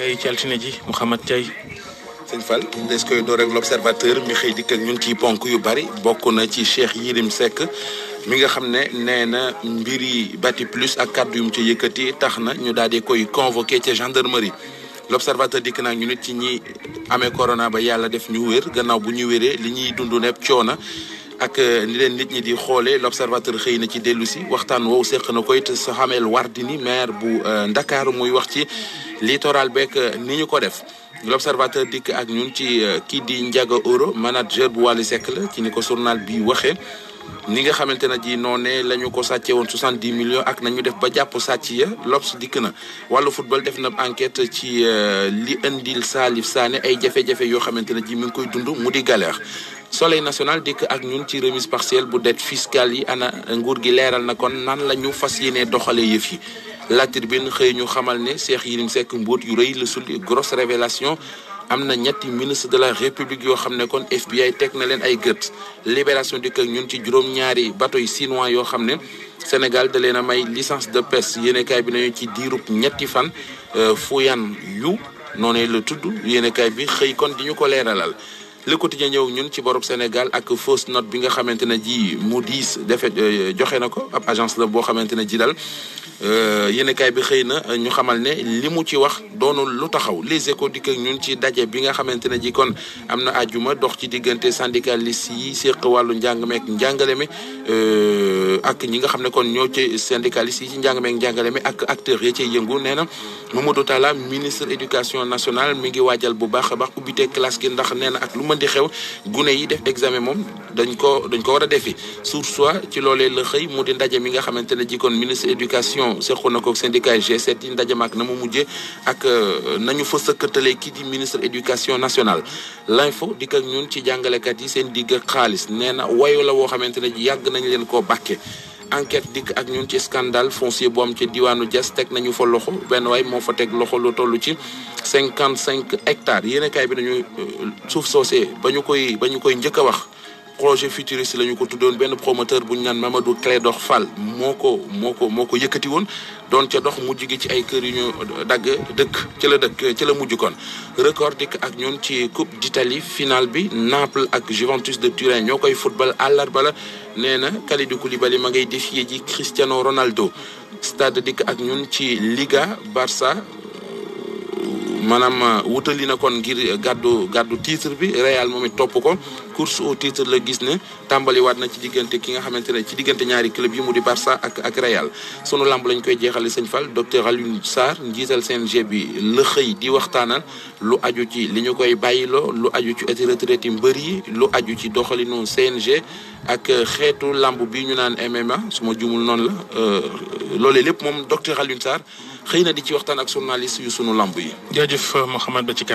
kay ci ji Mouhamed Ndiaye. sëñ Fall des koy door ak l'observateur mi xëy dikk ak ñun ci ponk yu bari bokk na ci Cheikh Yérim Seck mi nga xam ne nee na mbir yi bati plus ak kàddu yu mu ci yëkkati tax na ñu daal di koy convoqué ca gendarmerie. l'observateur dikk naa ñu nit ci ñi amee corona ba yàlla def ñu wér gannaaw bu ñu wéree li ñuy dund nepp coona ak euh, ni leen nit ñi di xoolee l'observateur xëy na ci dellu si waxtaan wow seq na koy te Sohamel Wardini maire bu euh, Ndakaaru muy wax ci. littoral beeg euh, ni ñu ko def l'observateur dikk ak ñun ci euh, kii di Ndiaga Euro manager bu Wally Seck la ci ni ko journal bi waxee ni nga xamante ne ji noone la ñu ko sàccee woon soixante dix millions ak nañu def ba jàpp sàcc ya L'Obs dikk na wala football def na enquête ci euh, li indil Salif saane ay jafe-jafe yoo xamante ne ji mi ngi koy dund mu di galère. soleil national dikk ak ñun ci remise partielle bu dette fiscale yi ana nguur gi leeral na kon nan la ñu fas yéenee doxalee yëf yi. La Tribune xëy ñu xamal ne Cheikh Yérim Seck mbóot yu rëy la sulli grosse révélation am na ñetti ministre de la république yoo xam ne kon FBI teg na leen ay gët libération dikk ak ñun ci juróom-ñaari bato yi chinois yoo xam ne Sénégal da leen a may licence de pêche yéenekaay bi nañu ci diirub ñetti fan euh, Fuyaan yu noonee la tudd yéenekaay bi xëy kon di ñu ko leeralal le quotidien ñëw ñun ci borob Sénégal ak fausse note bi nga xamante ne ji mu diis defe euh, joxe na ko ab agence la boo xamante ne ji dal Euh, yéenekaay bi xëy na ñu xamal ne li mu ci wax doonul lu taxaw les échos dikk ak ñun ci daje bi nga xamante ne ji kon am na àjjuma dox ci diggante syndicaliste yi séq wàllu njàng meek njàngale mi euh, ak ñi nga xam ne kon ñoo ci syndicaliste yi ci njàng meek njàngale mi ak acteurs yi ci yëngu nee na Mamadou Talla ministre éducation national mi ngi waajal bu baax a baax ubbite classe ki ndax nee na ak lu mën di xew gune yi def examen moom dañ ko dañ ko war a defi sur soit ci loolee la xëy mu di ndaje mi nga xamante ne ji kon ministre éducation réunion seqoon na ko syndicat G7 yi ndaje maak na mu mujje ak na nañu fa sëkkatalee kii di ministre éducation nationale l'info dikk ak ñun ci jàngalekat yi seen digg xaalis nee na wayu la woo xamante ne yàgg nañ leen koo bakke enquête dikk ak ñun ci scandale foncier bu am ci diwaanu Diass teg nañu fa loxo benn waay moo fa teg loxo lu tollu ci cinquante cinq hectares yéen a bi nañu suuf soose ba ñu koy ba ñu koy njëkk a wax projet futuriste la ñu ko tuddoon benn promoteur bu ñu naan Mamadou Clédor Fall moo ko moo ko moo ko yëkkati woon doon dox mujj gi ci ay kër yu ñu dagg dëkk ci la dëkk ci la mujj kon record dikk ak ñun ci coupe d'Italie finale bi Naples ak Juventus de Turin ñoo koy football àllarba la nee na Kalidou Koulibaly ma ngay défier ji Cristiano Ronaldo stade dikk ak ñun ci Liga Barça maanaam wutali na kon ngir gàddu gàddu titre bi Real moom it topp ko course au titre la gis ne tàmbaliwaat na ci diggante ki nga xamante ne ci diggante ñaari club yi mu di Barça ak ak Real sunu lamb lañ koy jeexale sëñ Fall docteur Alioune Sarr njiital CNG bi la xëy di waxtaanal lu aju ci li ñu koy bàyyiloo lu aju ci ati retraite yi mbër yi lu aju ci doxalinu CNG ak xeetu làmb bi ñu naan MMA suma ma jumul noonu la euh, loolee lépp moom docteur Alioune Sarr xëy na di ci waxtaan ak journaliste yu sunu lamb yi. jaajëf Mouhamed ba ci